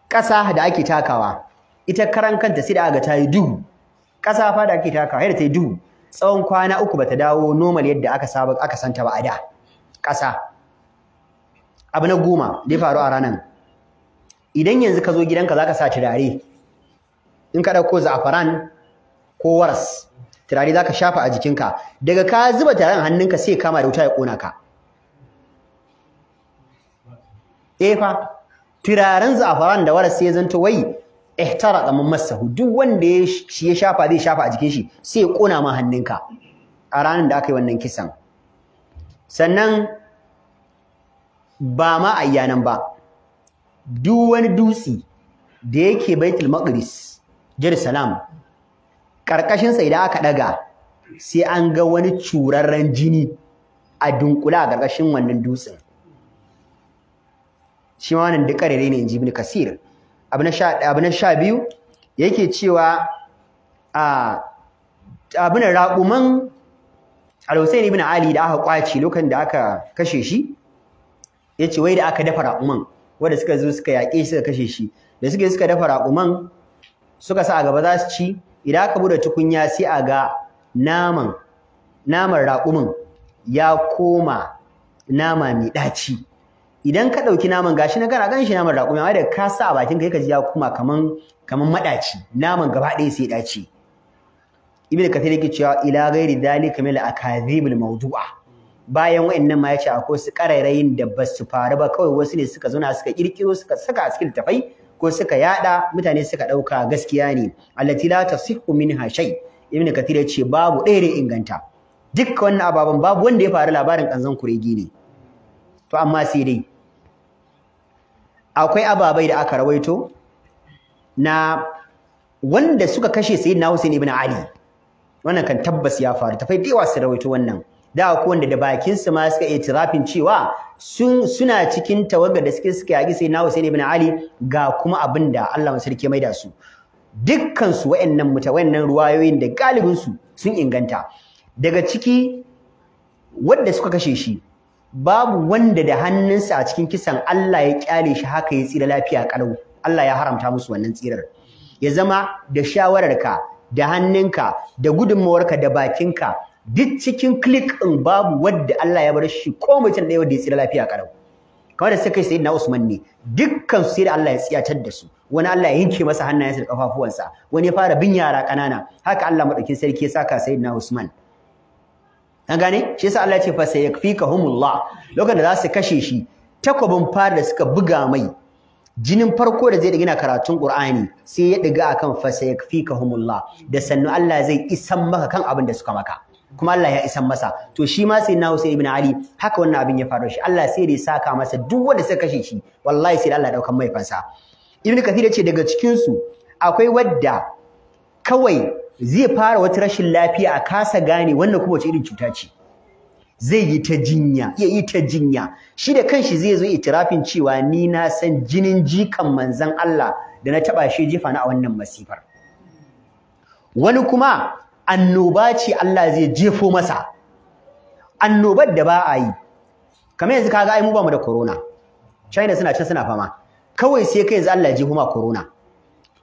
A: ƙasa da ake takawa ita karan kanta sai da aga ta yi duhu ƙasa fa da ake takawa yadda ta yi duhu tsawon kwana uku bata dawo normal yadda aka saba aka santa ba a da ƙasa abu na goma da ya faru a ranan idan yanzu ka zo gidanka za ka sa turare in ka ɗauko za'afaran ko waras turare za ka shafa a jikinka daga ka zuba turaren hannunka sai kama da wuta ya ƙona ka eh fa turaren za'afaran da waras sai zanto wai ihtara tsamin masahu duk wanda ya shafa zai shafa a jikin shi sai ya ƙona ma hannunka a ranar da aka yi wannan kisan sannan ba ma ayyanan ba duk wani dutse da yake Baitul Maqdis Jerusalem karkashin sa idan aka daga sai an ga wani curarren jini a dunkula a karkashin wannan dutsen shi ma wannan duk karere ne Ibn Kasir abin sha abu sha biyu yake cewa a abin raƙuman Al-Husayn ibn Ali da aka kwace lokacin da aka kashe shi yace wai da aka dafa raƙuman wanda suka zo suka yaƙe suka kashe shi da suka suka dafa raƙuman suka sa a gaba za su ci idan aka bude tukunya sai a ga naman naman raƙumin ya koma nama mai ɗaci idan ka ɗauki naman gashi na kana ganin shi naman raƙumi amma da ka sa a bakin ka ji ya koma kaman kaman maɗaci naman gaba ɗaya sai ɗaci ibnu kathir yake cewa ila ghairi dhalika min al mawdua bayan wayannan ma ya ce akwai su ƙarairayin da ba su faru ba kawai wasu ne suka zauna suka ƙirƙiro suka saka a cikin tafai ko suka yada mutane suka ɗauka gaskiya ne allati la tasihhu minha shay ibn kathir ya ce babu ɗaya da inganta dukkan wannan ababen babu wanda ya faru labarin kanzan kuregi ne to amma sai dai akwai ababai da aka rawaito na wanda suka kashe sayyidina Hussein ibn Ali wannan kan tabbas ya faru tafai da yawa su rawaito wannan da ku wanda da bakinsu su ma suka itirafin cewa suna cikin tawagar da suke suka yaki sai na Hussein ibn Ali ga kuma abinda da Allah masarki mai da su dukkan su wayannan muta wayannan ruwayoyin da galibin su sun inganta daga ciki wanda suka kashe shi babu wanda da hannunsa a cikin kisan Allah ya kyale shi haka ya tsira lafiya kalau Allah ya haramta musu wannan tsirar ya zama da shawararka da hannunka da gudunmawarka da bakinka duk cikin click din babu wadda Allah ya bar shi ko mutum ɗaya wanda ya tsira lafiya karau kamar da suka yi Usman ne dukkan su sai da Allah ya tsiyatar da su wani Allah ya yanke masa hannayensa da kafafuwansa wani ya fara bin yara kanana haka Allah madaukin sarki ya saka sayyidina Usman an gane shi yasa Allah ya ce fa sayakfikahumullah lokacin da za su kashe shi takwabin fara da suka buga mai jinin farko da zai digina karatun Qur'ani sai ya diga akan fa sayakfikahumullah da sannu Allah zai isan maka kan abin da suka maka kuma Allah ya isan masa to shi ma sai na Hussein ibn Ali haka wannan abin ya faru shi Allah sai da saka masa duk wanda suka kashe shi wallahi sai Allah daukan mai fansa Ibn Kathir yace daga cikin su akwai wadda kawai zai fara wata rashin lafiya a kasa gane wannan kuma wace irin cuta ce zai yi ta jinya ya yi ta jinya shi da kanshi zai zo itirafin cewa ni na san jinin jikan manzon Allah da na taba shi jefa na a wannan masifar wani kuma annoba ce Allah zai jefo masa annobar da ba a yi kamar yanzu kaga ai mu ba mu da corona China suna can suna fama kawai sai kai yanzu Allah ya jefo ma corona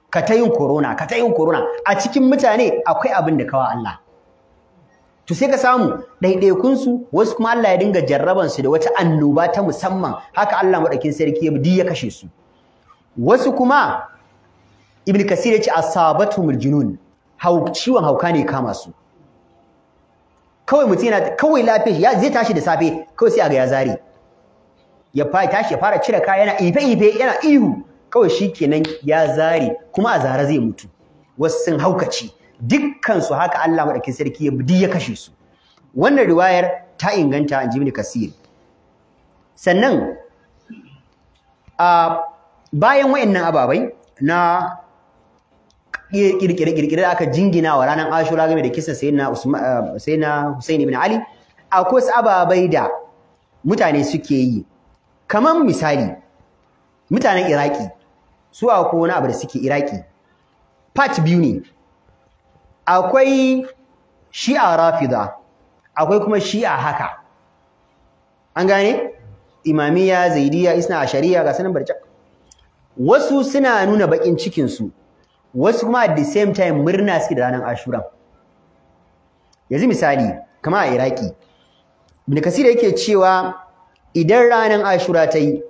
A: ka ta yin corona ka ta yin corona a cikin mutane akwai abin da kawa Allah to sai ka samu ɗaiɗaikun su wasu kuma Allah ya dinga jarraban su da wata annoba ta musamman haka Allah madaukin sarki ya ya kashe su wasu kuma ibn kasir ya ce asabatu junun ciwon hauka ne kama su kawai mutum yana kawai lafiya ya zai tashi da safe kawai sai a ga ya zare ya fara tashi ya fara cire kaya yana ife ife yana ihu kawai shi shikenan ya zare kuma a zara zai mutu wasu sun haukaci dukkan su haka Allah madaukin sarki ya bidi ya kashe su wannan riwayar ta inganta an jibni kasir sannan a bayan wayannan ababai na kirkire-kirkire da aka jingina wa ranar Ashura game da kisan na eh, Hussein ibn Ali akwai wasu ababai da mutane suke yi kamar misali mutanen Iraki su akwai wani abu da suke Iraki part biyu ne akwai shi'a rafida akwai kuma shi'a haka an gane imamiya zaidiya isna ashariya ga sanin barcak wasu suna nuna baƙin cikinsu. wasu kuma at the same time murna suke da ranar ashura yanzu misali kama a iraki ibn kasir yake cewa idan ranar ashura ta yi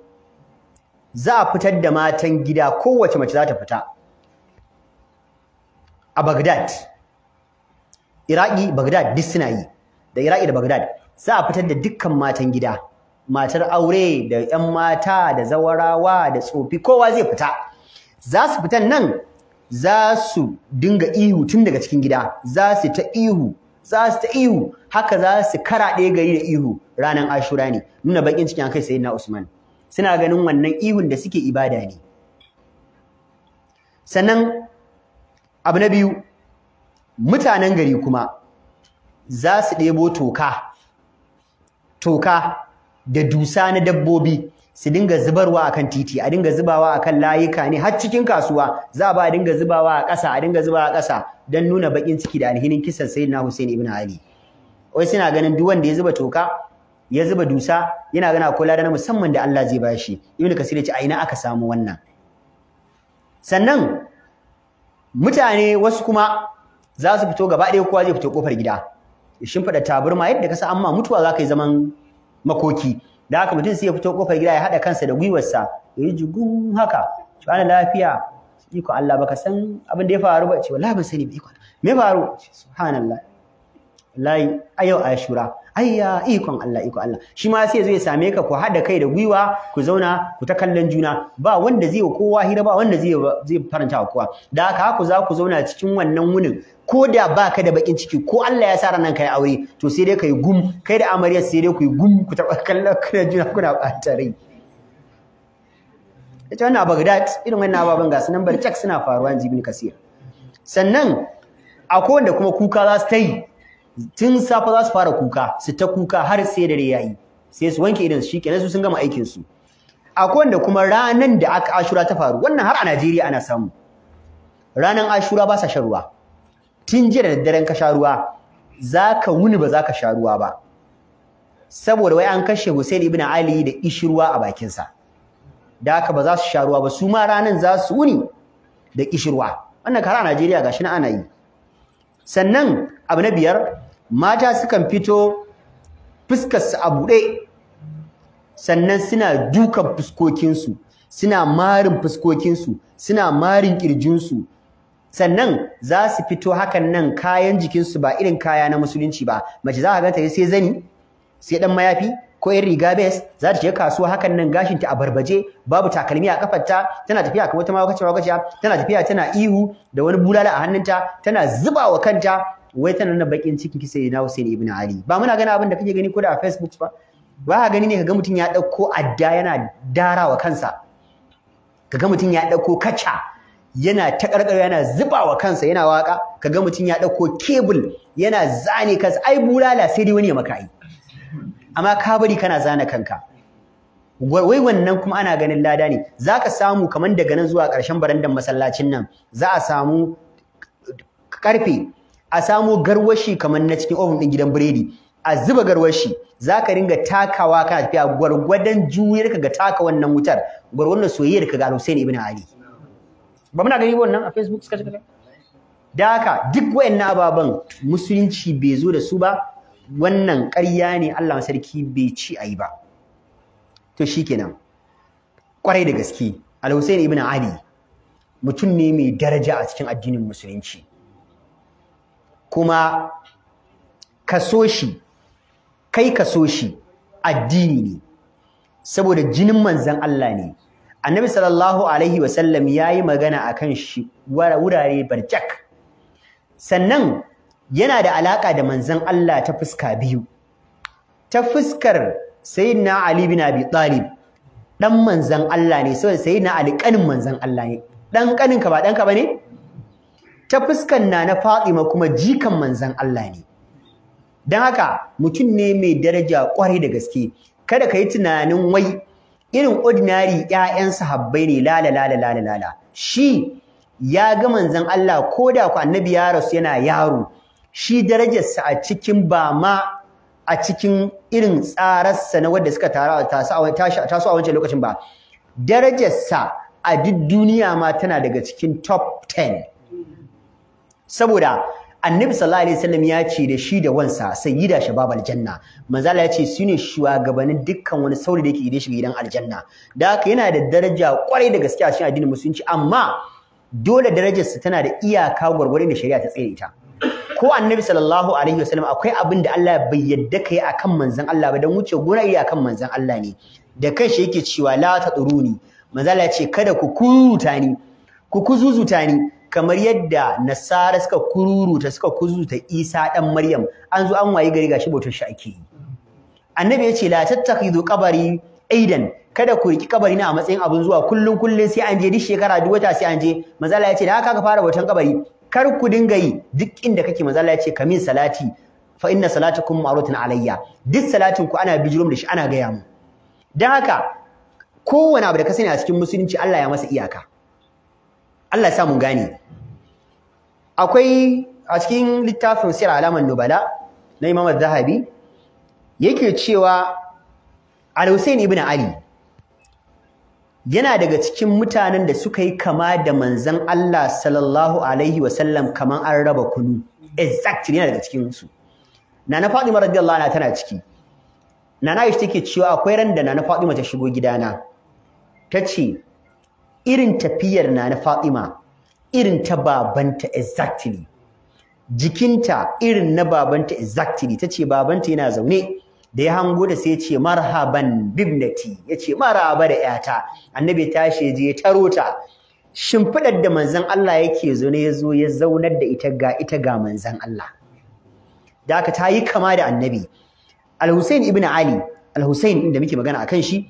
A: za a fitar da matan gida kowace mace za ta fita a bagdad iraki bagdad duk suna yi da iraki da bagdad za a fitar da dukkan matan gida matar aure da 'yan mata da zawarawa da tsofi kowa zai fita za su fitan nan za su dinga ihu tun daga cikin gida za su ta ihu za su ta ihu haka za su kara ɗaya gari da ihu ranar ashura ne nuna bakin cikin kai sayyidina usman suna ganin wannan ihun da suke ibada ne sannan abu na biyu mutanen gari kuma za su ɗebo toka toka da dusa na dabbobi su dinga zubarwa akan titi a dinga zubawa a kan layuka ne har cikin kasuwa za ba a dinga zubawa a ƙasa a dinga zubawa a ƙasa don nuna baƙin ciki da alhinin kisan sayyidina Hussein ibn Ali wai suna ganin duk wanda ya zuba toka ya zuba dusa yana gana ko lada na musamman da Allah zai bashi ibn kasir ya ce a ina aka samu wannan sannan mutane wasu kuma za su fito gaba ɗaya kowa zai fito kofar gida shin fada taburma yadda ka sa amma mutuwa za ka yi zaman makoki da haka mutum sai ya fito kofar gida ya haɗa kansa da gwiwarsa ya yi jugun haka shi ana lafiya iko Allah baka san abin da ya faru ba ce wallahi ban sani ba iko me faru subhanallah layi ayau ashura ayya ikon Allah ikon Allah shi ma sai zai same ka ku hada kai da gwiwa ku zauna ku ta kallon juna ba wanda zai kowa hira ba wanda zai zai faranta wa kowa da haka ku za ku zauna cikin wannan wunin ko da baka da bakin ciki ko Allah ya sa ranan kai aure to sai dai kai gum kai da amaryar sai dai ku yi gum ku ta kallon juna kuna ɓata ita wannan a Baghdad irin wannan ababen ga sunan check suna faruwa in jibin kasir sannan akwai wanda kuma kuka za su ta yi tun safa za su fara kuka su ta kuka har sai dare yayi sai su wanke idan shi kenan su sun gama aikin su akwai wanda kuma ranan da aka ashura ta faru wannan har a Najeriya ana samu ranan ashura ba sa shan ruwa tun jiya da daddaren ka sha ruwa zaka wuni ba zaka sha ruwa ba saboda wai an kashe Hussein ibn Ali da ishirwa a bakin sa da haka ba za su sha ruwa ba su ma ranan za su wuni da ishirwa. wannan kara a Najeriya gashi na ana yi sannan abu na biyar mata sukan fito fuskarsu a buɗe sannan suna dukan fuskokinsu suna marin fuskokinsu suna marin ƙirjinsu sannan za su fito hakan nan kayan jikinsu ba irin kaya na musulunci ba mace za ka ganta sai zani sai ɗan mayafi ko yan riga bes za ta je kasuwa hakan nan gashin ta a barbaje babu takalmi a kafarta tana tafiya kamar ta wakace wakace tana tafiya tana ihu da wani bulala a hannunta tana zuba wa kanta wai tana nan bakin cikin kisa na Hussein ibn Ali ba muna gani abin da kake gani ko da a Facebook ba ba ka gani ne kaga mutum ya dauko adda yana darawa kansa kaga mutum ya dauko kaca yana ta karkaro yana zuba wa kansa yana waka kaga mutum ya dauko kebul yana zane kansa ai bulala sai dai wani ya maka ai amma ka bari kana zana kanka wai wannan kuma ana ganin lada ne zaka samu kaman daga nan zuwa ƙarshen barandan masallacin nan za a samu karfe a samu garwashi kaman na cikin ofin din gidan biredi a zuba garwashi zaka ringa takawa kana tafiya gwargwadon juyar ga taka wannan wutar gwargwadon soyayyar ka ga Hussein ibn Ali ba muna gani wannan a Facebook suka ce da haka duk wayannan ababen musulunci bai zo da su ba wannan ƙarya ne Allah sarki bai ci a yi ba to shi kenan ƙwarai da gaske Al-Husayn ibn Ali mutum ne mai daraja a cikin addinin musulunci kuma kaso shi kai kaso shi addini ne saboda jinin manzan Allah ne annabi sallallahu alaihi wasallam ya yi magana a kan shi wurare barjak sannan yana da alaka da manzan Allah ta fuska biyu ta fuskar sayyidina Ali bin Abi Talib dan manzan Allah ne sai sayyidina Ali kanin manzan Allah ne dan kanin ka ba dan ka bane ta fuskan na na Fatima kuma jikan manzan Allah ne dan haka mutum ne mai daraja kwarai da gaske kada ka yi tunanin wai irin ordinary ƴaƴan sahabbai ne lala lala lala lala shi ya ga manzan Allah ko da ku annabi ya rasu yana yaro shi darajarsa a cikin ba ma a cikin irin tsararsa na wanda suka taso a wancan lokacin ba darajarsa a duk duniya ma tana daga cikin top 10 saboda annabi sallallahu alaihi wasallam ya ce da shi da wansa sayyida shabab aljanna manzo ya ce su ne shugabannin dukkan wani sauri da yake ide shi gidan aljanna da haka yana da daraja kwarai da gaske a cikin addinin musulunci amma dole darajarsa tana da iyaka gwargwaron da shari'a ta tsare ita ko annabi sallallahu alaihi wasallam akwai abin da Allah bai yadda kai akan manzon Allah ba dan wuce gona iya akan manzon Allah ne da kai shi yake cewa la taduruni manzon Allah ya ce kada ku kuruta ni ku kuzuzuta ni kamar yadda nasara suka kururuta suka kuzuta Isa dan Maryam an zo an waye gari gashi bautar shi ake yi annabi ya ce la tattakhidu qabari aidan kada ku riki kabari na a matsayin abin zuwa kullun kullun sai an je duk shekara duk wata sai an je manzala ya ce da haka ka fara bautan kabari kar ku dinga yi duk inda kake manzo Allah ya ce kamin salati fa inna salatukum ma'rutun alayya duk salatin ku ana bijirum da shi ana gaya mu dan haka kowane abu da ka sani a cikin musulunci Allah ya masa iyaka Allah ya sa mu gane akwai a cikin littafin sir alaman nubala na Imam Az-Zahabi yake cewa Al-Husayn ibn Ali yana daga cikin mutanen da suka yi kama da manzan Allah sallallahu alaihi wasallam kaman an raba kunu exactly yana daga cikin su nana Fatima radiyallahu anha tana ciki nana Aisha take cewa akwai ran da nana Fatima ta shigo gidana Ta ce irin tafiyar nana Fatima irin ta babanta exactly jikinta irin na babanta exactly ce babanta yana zaune da ya hango da sai ya ce marhaban bibnati ya ce maraba da yata annabi tashi je taro ta shimfidar da manzon Allah yake zo ne ya ya zaunar da ita ga ita ga manzon Allah da aka tayi kama da annabi al-Husayn ibn Ali al-Husayn inda muke magana akan shi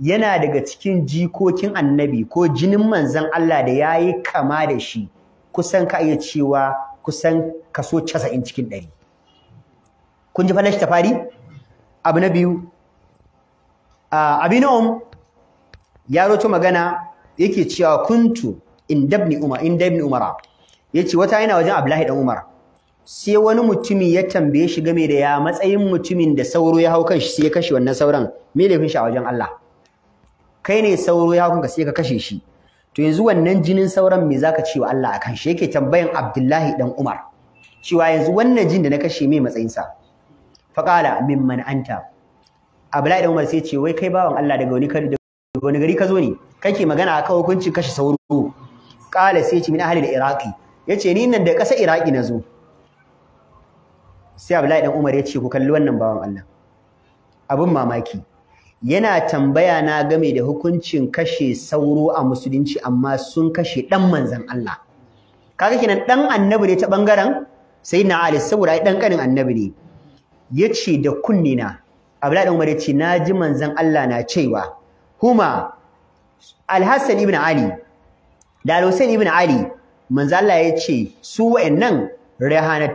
A: yana daga cikin jikokin annabi ko jinin manzon Allah da yayi kama da shi kusan ka iya cewa kusan kaso 90 cikin 100 kun ji falashi ta fari abu na biyu abinom ya roto magana yake cewa kuntu in umar umara yace wata yana wajen abdullahi dan umar sai wani mutumi ya tambaye shi game da ya matsayin mutumin da sauro ya hau shi sai ya kashe wannan sauran me laifin shi a wajen Allah kai ne sauro ya hau kanka sai ka kashe shi to yanzu wannan jinin sauran me zaka ce wa Allah akan shi yake tambayan abdullahi dan umar cewa yanzu wannan jin da na kashe me matsayinsa Faƙala min anta abdullahi da umar sai ce wai kai bawan Allah daga wani kari wani gari ka zo ne kake magana a kan hukuncin kashe sauro Ƙala sai ce min ahali da Ya ce ni nan da ƙasar Iraki na zo sai abdullahi dan umar ya ce ku kalli wannan bawan Allah Abin mamaki yana tambaya na game da hukuncin kashe sauro a musulunci amma sun kashe dan manzon Allah kaga kenan dan annabi ne ta bangaren sayyidina ali saboda ai dan kanin annabi ne yace da kunnina na Abdullahi Umar ya ce na ji manzan Allah na cewa huma Alhassan, ibn Ali da Alhassan, ibn Ali manzan Allah ce su wa'annan ya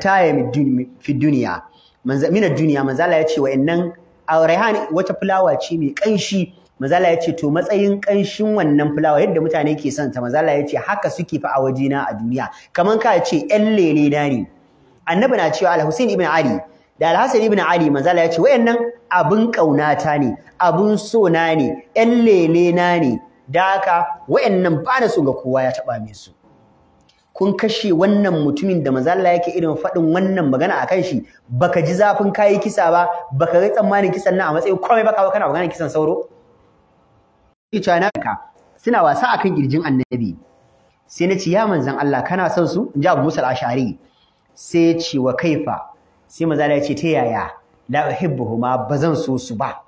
A: fi duniya manzon duniya manzan Allah yace wa'annan rihani wata fulawa ce mai kanshi allah ya ce to matsayin ƙanshin wannan fulawa yadda mutane ke son ta allah ya ce haka suke fa a wajena a duniya Kamar ka ce ƴan lele na ne annabi na cewa Alhassan, ibn Ali da Al-Hasan ibn Ali manzala ya ce wayannan abin kaunata ne abun sona na ne ƴan lele na ne da haka wayannan ba na so ga kowa ya taba mai su kun kashe wannan mutumin da manzala yake irin faɗin wannan magana akan shi baka ji zafin kayi kisa ba baka ga tsammanin kisan nan a matsayin komai baka ba kana magana kisan sauro suna wasa akan girjin annabi sai na ce ya manzan Allah kana son su in ji Abu Musa al-Ash'ari sai ya wa kaifa sai manzala ya ce ta yaya la uhibbuhuma zan so su ba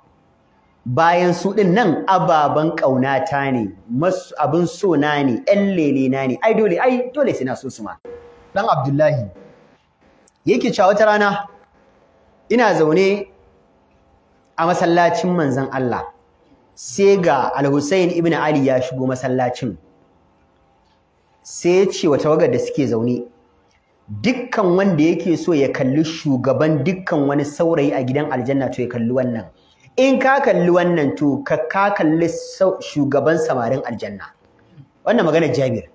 A: bayan su din nan ababan ƙaunata ne masu abin so na ne ɗan lele na ne ai dole ai dole sai na so su ma dan Abdullahi yake cewa wata rana ina zaune a masallacin manzon Allah sai ga Al-Husayn ibn Ali ya shigo masallacin sai ya ce wa tawagar da suke zaune dukkan wanda yake so ya kalli shugaban dukkan wani saurayi a gidan aljanna to ya kalli wannan in ka kalli wannan to ka ka kalli shugaban samarin aljanna wannan magana Jabir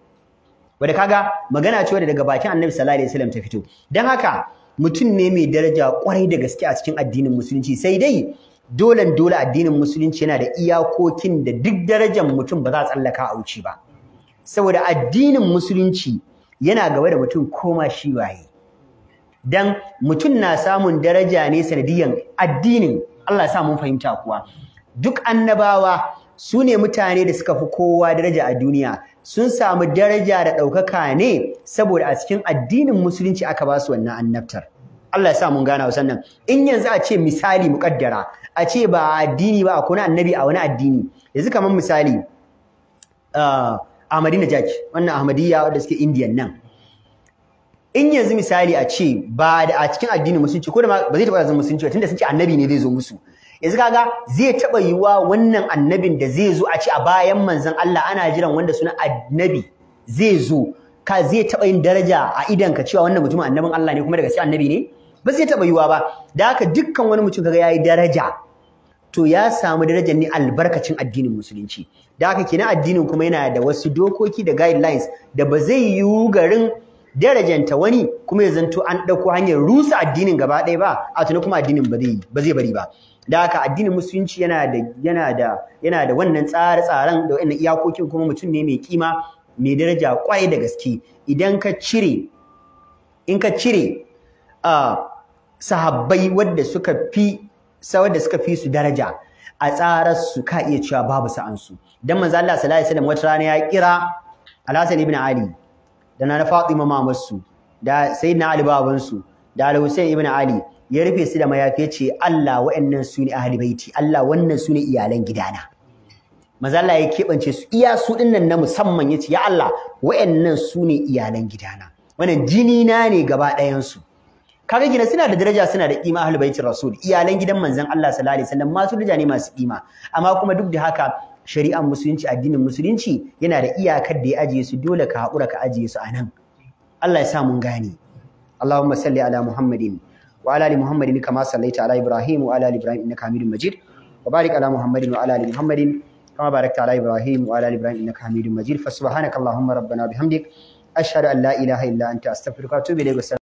A: wanda kaga magana ce wanda daga bakin Annabi sallallahu alaihi wasallam ta fito dan haka mutum ne mai daraja kwarai da gaske a cikin addinin musulunci sai dai dole dole addinin musulunci yana da iyakokin da duk darajar mutum ba za a tsallaka a wuce ba saboda addinin musulunci yana gaba da mutum koma shi waye dan mutum na samun daraja ne sanadiyan addinin Allah ya sa mun fahimta kuwa duk annabawa su ne mutane da suka fi kowa daraja a duniya sun samu daraja da ɗaukaka ne saboda a cikin addinin musulunci aka ba su wannan annabtar Allah ya sa mun gana wasan nan in yanzu a ce misali muƙaddara a ce ba addini ba a kuna annabi a wani addini yanzu kamar misali ah, Ahmadina Jaj wannan Ahmadiyya wanda suke Indian nan in yanzu misali a ce ba da a cikin addinin musulunci ko da ba zai taba zama musulunci ba tunda sun ce annabi ne zai zo musu yanzu kaga zai taɓa yiwa wannan annabin da zai zo a ce a bayan manzon Allah ana jiran wanda suna annabi zai zo ka zai taɓa yin daraja a idan ka cewa wannan mutumin annabin Allah ne kuma daga sai annabi ne ba zai taɓa yiwa ba da haka dukkan wani mutum kaga yayi daraja to ya samu darajar ne albarkacin addinin musulunci da haka kenan addinin kuma yana da wasu dokoki da guidelines da ba zai yiwu garin darajanta wani kuma ya zanto an ɗauko hanyar rusa addinin gaba ɗaya ba a tuni kuma addinin ba zai ba zai bari ba da haka addinin musulunci yana da yana da yana da wannan tsare-tsaren da wannan iyakokin kuma mutum ne mai kima mai daraja kwai da gaske idan ka cire in ka cire ah, sahabbai wadda suka fi sawar da suka fi su daraja a tsarar su ka iya cewa babu sa'an su dan manzo Allah sallallahu alaihi wasallam wata rana ya kira Al-Hasan ibn Ali da na Fatima mamar su da Sayyidina Ali baban su da Al-Husayn ibn Ali ya rufe su da mayafi ce Allah wa'annan su ne ahli baiti Allah wannan su ne iyalan gidana manzo Allah ya keɓance su iya su dinnan na musamman ya ce ya Allah wa'annan su ne iyalan gidana wannan jini na ne gaba ɗayan su kaga gina suna da daraja suna da kima ahlul baitir rasul iyalan gidan manzon Allah sallallahu alaihi wasallam masu daraja ne masu kima amma kuma duk da haka shari'ar musulunci addinin musulunci yana da iyakar da ya ajiye su dole ka haƙura ka ajiye su anan Allah ya sa mun gane Allahumma salli ala